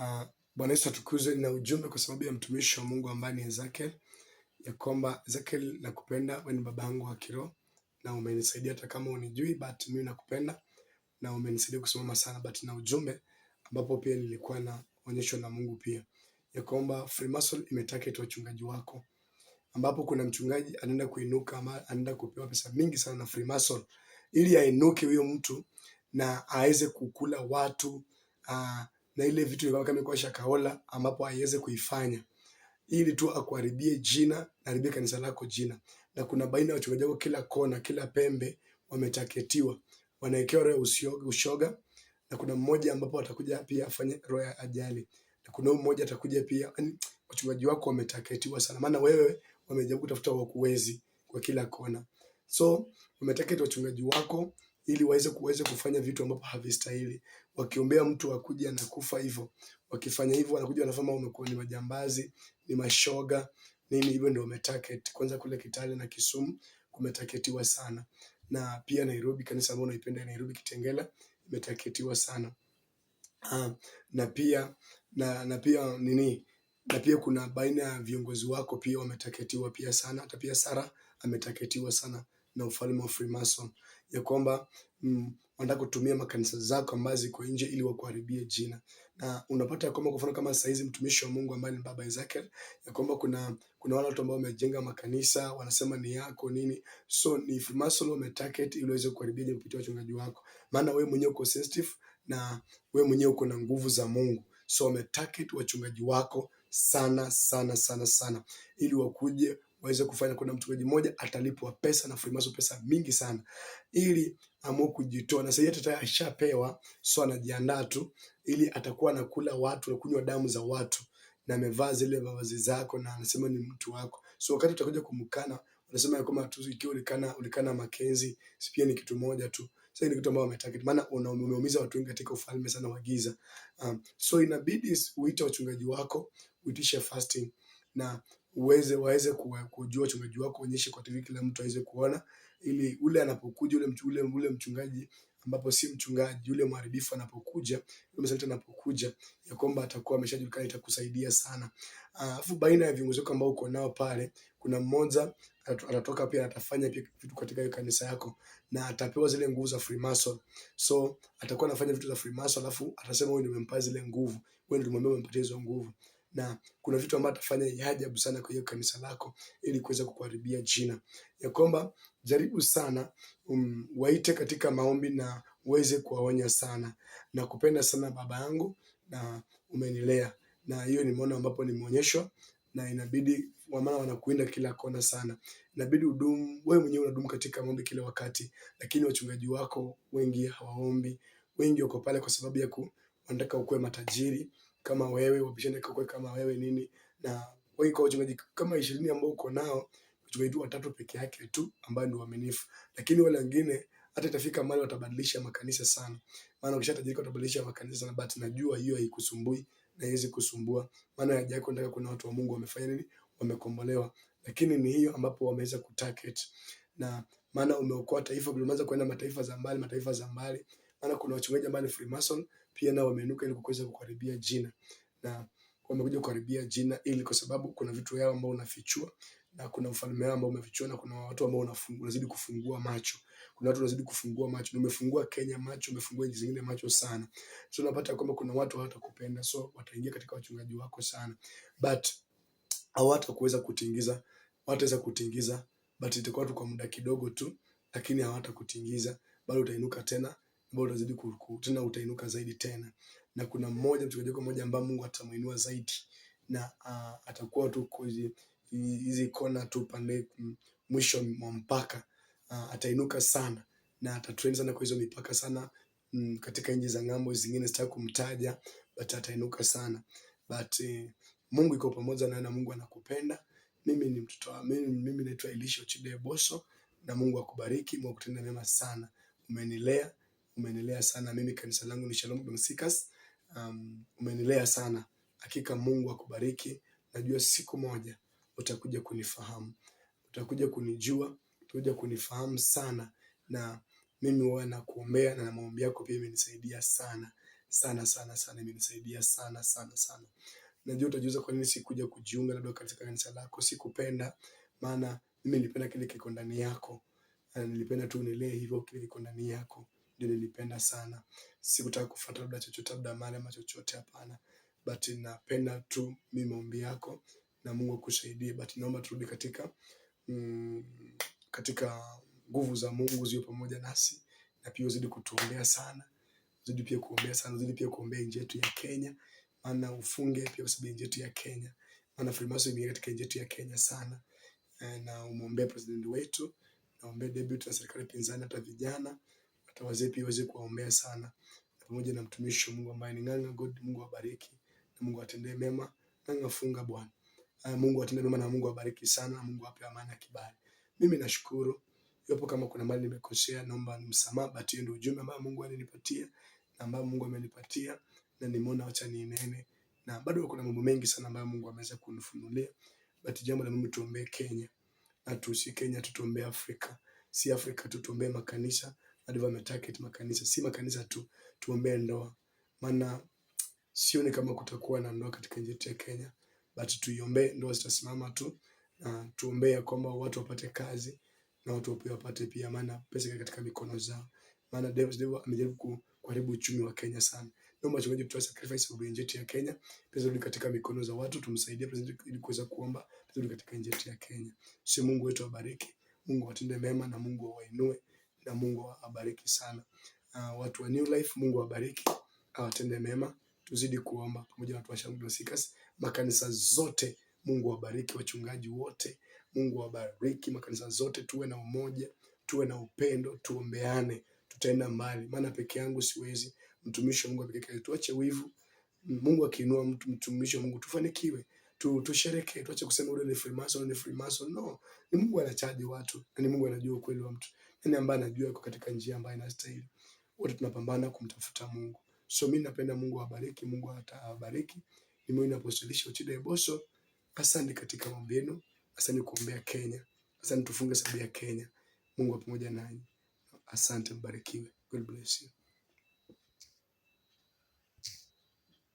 Ah, Bwana Yesu atukuzwe na ujumbe kwa sababu ya mtumishi wa Mungu ambaye ni Ezekiel ya kwamba Ezekiel, nakupenda wewe, ni baba yangu wa kiroho na umenisaidia hata kama unijui, but mimi nakupenda na umenisaidia kusimama sana, but na ujumbe ambapo pia nilikuwa na onyesho na Mungu pia ya kwamba Freemason imetarget wachungaji wako, ambapo kuna mchungaji anaenda kuinuka ama anaenda kupewa pesa mingi sana na Freemason ili ainuke huyo mtu na aweze kukula watu uh, na ile vitu kama kama kwa shakaola ambapo haiweze kuifanya ili tu akuharibie jina na haribie kanisa lako jina. Na kuna baina ya wachungaji wako kila kona, kila pembe wametaketiwa, wanawekewa roho ushoga, na kuna mmoja ambapo atakuja pia afanye roho ya ajali, na kuna mmoja atakuja pia. Yani wachungaji wako wametaketiwa sana, maana wewe wamejaribu kutafuta wakuwezi kwa kila kona, so wametaketi wachungaji wako ili waweze kuweze kufanya vitu ambavyo havistahili, wakiombea mtu akuje wa anakufa hivyo. Wakifanya hivyo, wanakuja wanasema umekuwa ni majambazi, ni mashoga nini, hivyo ndio umetarget. Kwanza kule Kitale na Kisumu kumetargetiwa sana, na pia Nairobi, kanisa ambalo naipenda Nairobi Kitengela imetargetiwa sana. ha, ah, na pia na, na pia nini na pia kuna baina ya viongozi wako pia wametaketiwa pia sana. Hata pia Sara ametaketiwa sana na ufalme wa Freemason, ya kwamba mm, wanataka kutumia makanisa zako ambazo ziko nje ili wakuharibie jina. Na unapata ya kwamba kwa mfano kama saizi mtumishi wa Mungu ambaye ni baba Ezekiel, ya kwamba kuna kuna wale watu ambao wamejenga makanisa wanasema ni yako nini, so ni Freemason wametarget ili waweze kuharibia jina kupitia wachungaji wako, maana wewe mwenyewe uko sensitive na wewe mwenyewe uko na nguvu za Mungu, so wametarget wachungaji wako sana sana sana sana ili wakuje waweze kufanya. Kuna mchungaji mmoja atalipwa pesa na Freemason pesa mingi sana, ili amue kujitoa, na sasa tayari ashapewa, so anajiandaa tu, ili atakuwa anakula watu na kunywa damu za watu na amevaa zile mavazi zako na anasema ni mtu wako. So wakati utakuja kumkana, unasema ya kwamba tu ikiwa ulikana ulikana makenzi pia ni kitu moja tu. Sasa so, ni kitu ambacho wametarget, maana unaumiza watu wengi katika ufalme sana wa giza. Um, so inabidi uite wachungaji wako, uitishe fasting na uweze waweze kujua uchungaji wako, uonyeshe kwa TV kila mtu aweze kuona, ili ule anapokuja ule, ule, ule mchungaji ambapo si mchungaji ule mharibifu anapokuja ule msaliti anapokuja, ya kwamba atakuwa ameshajulikana, itakusaidia sana. Ah, alafu uh, baina ya viongozi wako ambao uko nao pale, kuna mmoja atatoka pia atafanya pia vitu katika hiyo kanisa yako, na atapewa zile nguvu za Freemason. So atakuwa anafanya vitu za Freemason, alafu atasema wewe ndio umempa zile nguvu, wewe ndio umempa hizo nguvu na kuna vitu ambavyo atafanya ya ajabu sana kwa hiyo kanisa lako ili kuweza kukuharibia jina. Ya kwamba jaribu sana um, waite katika maombi na uweze kuwaonya sana. Na kupenda sana baba yangu na umenilea, na hiyo nimeona ambapo nimeonyeshwa na inabidi wamama wanakuinda kila kona sana. Inabidi udumu wewe mwenyewe unadumu katika maombi kila wakati, lakini wachungaji wako wengi hawaombi. Wengi wako pale kwa sababu ya ku wanataka ukuwe matajiri kama wewe, wapishane kwa kama wewe nini, na wewe kwa wachezaji kama ishirini ambao uko nao, wachezaji watatu peke yake tu ambao ni waaminifu, lakini wale wengine hata itafika mahali watabadilisha makanisa sana, maana ukishatajirika watabadilisha makanisa sana, but najua hiyo haikusumbui na haiwezi kusumbua, maana haja yako ndio kuna watu wa Mungu wamefanya nini, wamekombolewa. Lakini ni hiyo ambapo wameweza kutarget na maana umeokoa taifa, umeanza kwenda mataifa za mbali, mataifa za mbali, maana kuna wachungaji ambao ni Freemason pia nao wameinuka ili kuweza kukaribia jina, na wamekuja kukaribia jina ili kwa sababu kuna vitu yao ambao unafichua na kuna ufalme wao ambao umefichua na kuna watu ambao unafungua, unazidi kufungua macho. Kuna watu unazidi kufungua macho, na umefungua Kenya macho, umefungua nchi zingine macho sana. So unapata kwamba kuna watu hawatakupenda, so wataingia katika wachungaji wako sana, but hawatakuweza kutingiza, hawataweza kutingiza, but itakuwa tu kwa muda kidogo tu, lakini hawatakutingiza, bado utainuka tena ambao utazidi tena utainuka zaidi tena, na kuna mmoja mchungaji wako mmoja ambaye Mungu atamuinua zaidi na uh, atakuwa tu hizi kona tu pande mm, mwisho mwa mpaka uh, atainuka sana na atatrend sana kwa hizo mipaka sana mm, katika nchi za ng'ambo zingine sitaki kumtaja, but atainuka sana but eh, Mungu iko pamoja na na Mungu anakupenda. Mimi ni mtoto wa mimi, mimi naitwa Elisha Chideboso na Mungu akubariki, Mungu akutende mema sana, umenilea umeendelea sana. Mimi kanisa langu ni Shalom Damascus. Um, umeendelea sana hakika. Mungu akubariki. Najua siku moja utakuja kunifahamu, utakuja kunijua, utakuja kunifahamu sana, na mimi huwa nakuombea na maombi yako pia imenisaidia sana sana sana sana, imenisaidia sana sana sana. Najua utajiuliza kwa nini sikuja kujiunga labda katika kanisa lako. Sikupenda, maana mimi nilipenda kile kiko ndani yako, na nilipenda tu nilee hivyo kile kiko ndani yako nilipenda sana. Sikutaka kufuata labda chochote labda mali ama chochote hapana, but napenda tu mi maombi yako na Mungu akusaidie, but naomba turudi katika mm, katika nguvu za Mungu ziwe pamoja nasi, na pia uzidi kutuombea sana, uzidi pia kuombea sana, uzidi pia kuombea nchi yetu ya Kenya, maana ufunge pia kwa sababu nchi yetu ya Kenya, maana Freemason imeingia katika nchi yetu ya Kenya sana, eh, na umwombee president wetu, naombee deputy na serikali pinzani, hata vijana hata pia uweze kuwaombea sana, pamoja na mtumishi wa Mungu ambaye ni Ng'ang'a God. Mungu awabariki na Mungu atendee mema. Ng'ang'a funga Bwana, Uh, Mungu atendee mema na Mungu awabariki sana. na Mungu ape amani na kibali. Mimi nashukuru Iwapo kama kuna mali nimekosea, naomba msamaha, but ndio ujumbe ambao Mungu alinipatia na ambao Mungu amenipatia na nimeona wacha ninene, na bado kuna mambo mengi sana ambayo Mungu ameweza kunifunulia, but jambo la Mungu tuombee Kenya, na tusi Kenya, tutuombee Afrika, si Afrika, tutuombee makanisa bado wametarget makanisa, si makanisa tu. Tuombee ndoa, maana sioni kama kutakuwa na ndoa katika nchi yetu ya Kenya, but tuiombee ndoa zitasimama tu, na tuombee ya kwamba watu wapate kazi na watu pia wapate pia, maana pesa katika mikono zao, maana devs devil amejaribu kuharibu uchumi wa Kenya sana. Naomba chungaji tutoe sacrifice kwa nchi ya Kenya, pesa zirudi katika mikono za watu, tumsaidie president ili kuweza kuomba pesa zirudi katika nchi ya Kenya. Sio Mungu wetu abariki, Mungu watende mema na Mungu awainue na Mungu awabariki sana. Uh, watu wa New Life, Mungu awabariki, awatende mema. Tuzidi kuomba pamoja na watu wa Shalom Dioceses, makanisa zote Mungu awabariki, wachungaji wote Mungu awabariki, makanisa zote. Tuwe na umoja, tuwe na upendo, tuombeane, tutaenda mbali, maana peke yangu siwezi. Mtumishi wa Mungu yake. tuache wivu. Mungu akiinua mtu mtumishi wa Mungu, tufanikiwe tu, tusherekee, tuache kusema ule ni Freemason, ni Freemason. No, ni Mungu anachaji watu na ni Mungu anajua ukweli wa mtu nani ambaye anajua yuko katika njia ambayo inastahili. Wote tunapambana kumtafuta Mungu. So mimi napenda Mungu awabariki, Mungu atawabariki. Mimi ninaposilisha Uchida Iboso, asante katika maombi yenu, asante kuombea Kenya. Asante tufunge ya Kenya. Mungu pamoja nanyi. Asante, mbarikiwe. God bless you.